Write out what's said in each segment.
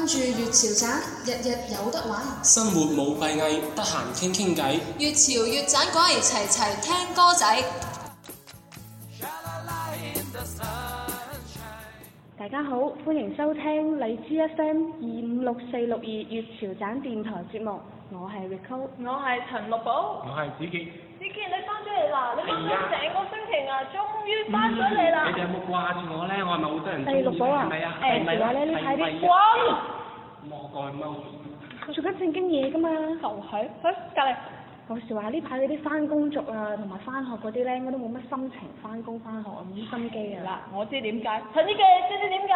跟住粵潮盞，日日有得玩。生活冇閉翳，得閒傾傾偈。粵潮粵盞講嚟齊齊，聽歌仔。大家好，歡迎收聽荔枝 FM 二五六四六二粵潮盞電台節目，我係 Recall，我係陳六寶，我係子健。子健，你翻咗嚟啦？你講咗成個星。啊！終於翻咗嚟啦。你哋有冇掛住我咧？我係咪好多人注意？係六嫂啊！誒唔係話你你睇啲光。我講乜好？做緊正經嘢㗎嘛。就係，喺隔離。老時話呢排嗰啲翻工族啊，同埋翻學嗰啲咧，應該都冇乜心情翻工翻學啊，冇心機啊。嗱，我知點解。陳啲記，知唔知點解？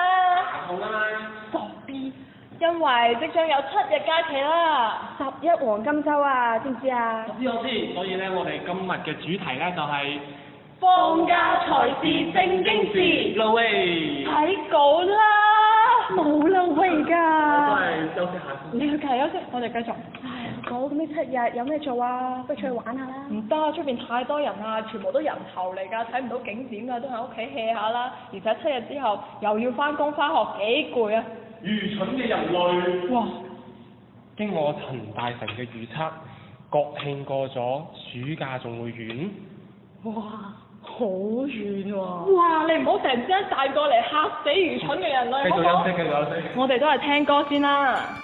好啦。傻 B，因為即將有七日假期啦，十一黃金週啊，知唔知啊？知我知，所以咧，我哋今日嘅主題咧就係。放假才是正經事，Louis 睇稿啦，冇 Louis 而家！Yeah. 休息下你哋繼續休息，我哋繼續。唉，咁呢七日有咩做啊？不如、mm. 出去玩下啦、啊。唔得，出邊太多人啦、啊，全部都人頭嚟噶，睇唔到景點啊，都喺屋企 hea 下啦、啊。而且七日之後又要翻工翻學，幾攰啊！愚蠢嘅人類。哇！嗯、經我陳大神嘅預測，國慶過咗，暑假仲會遠？哇！好遠喎！哇，你唔好成張彈過嚟，嚇死愚蠢嘅人類。我哋都係聽歌先啦。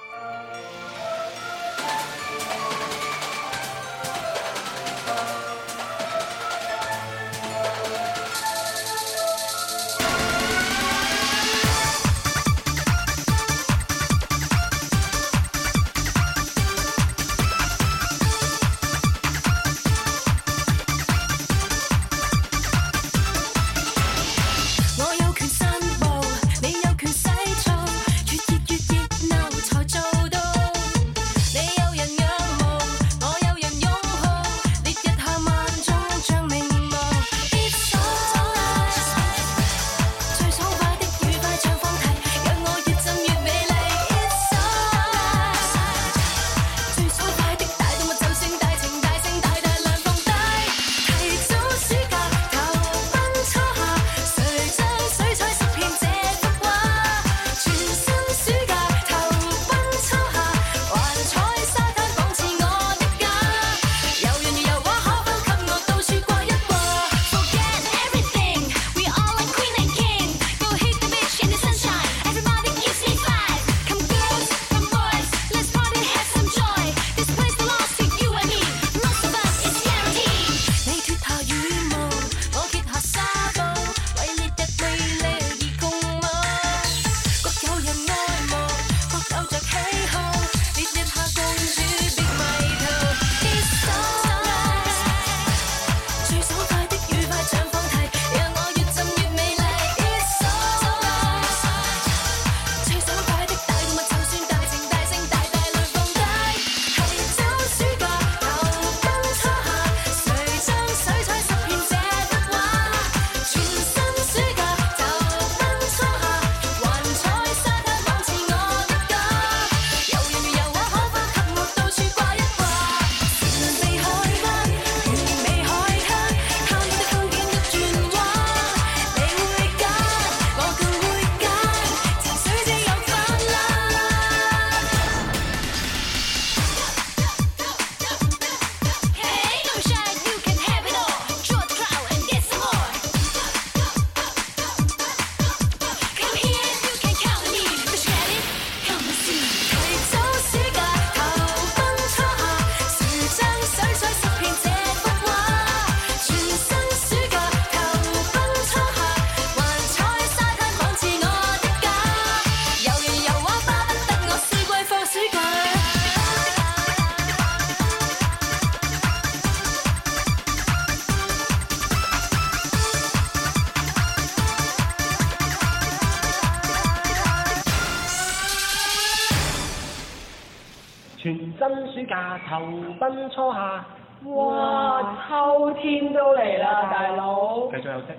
春暑假，投奔初夏，哇，秋天都嚟啦，啊，大佬。繼續休息！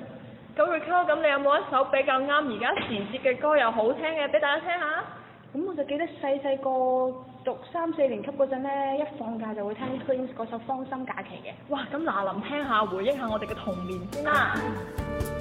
咁，Rico，咁你有冇一首比較啱而家時節嘅歌又好聽嘅俾大家聽下？咁我就記得細細個讀三四年級嗰陣咧，一放假就會聽 Twins 首《芳心假期》嘅、嗯。哇，咁嗱，嚟聽一下，回憶下我哋嘅童年先啦。嗯。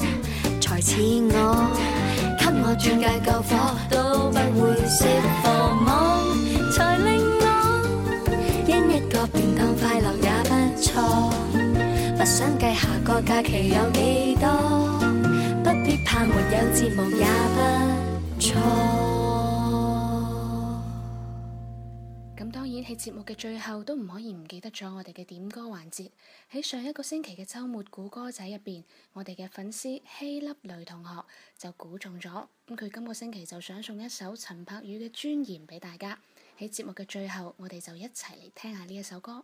假期有幾多？不必怕沒有節目也不錯。咁當然喺節目嘅最後都唔可以唔記得咗我哋嘅點歌環節。喺上一個星期嘅週末估歌仔入邊，我哋嘅粉絲希粒蕾同學就估中咗。咁佢今個星期就想送一首陳柏宇嘅《尊嚴》俾大家。喺節目嘅最後，我哋就一齊嚟聽下呢一首歌。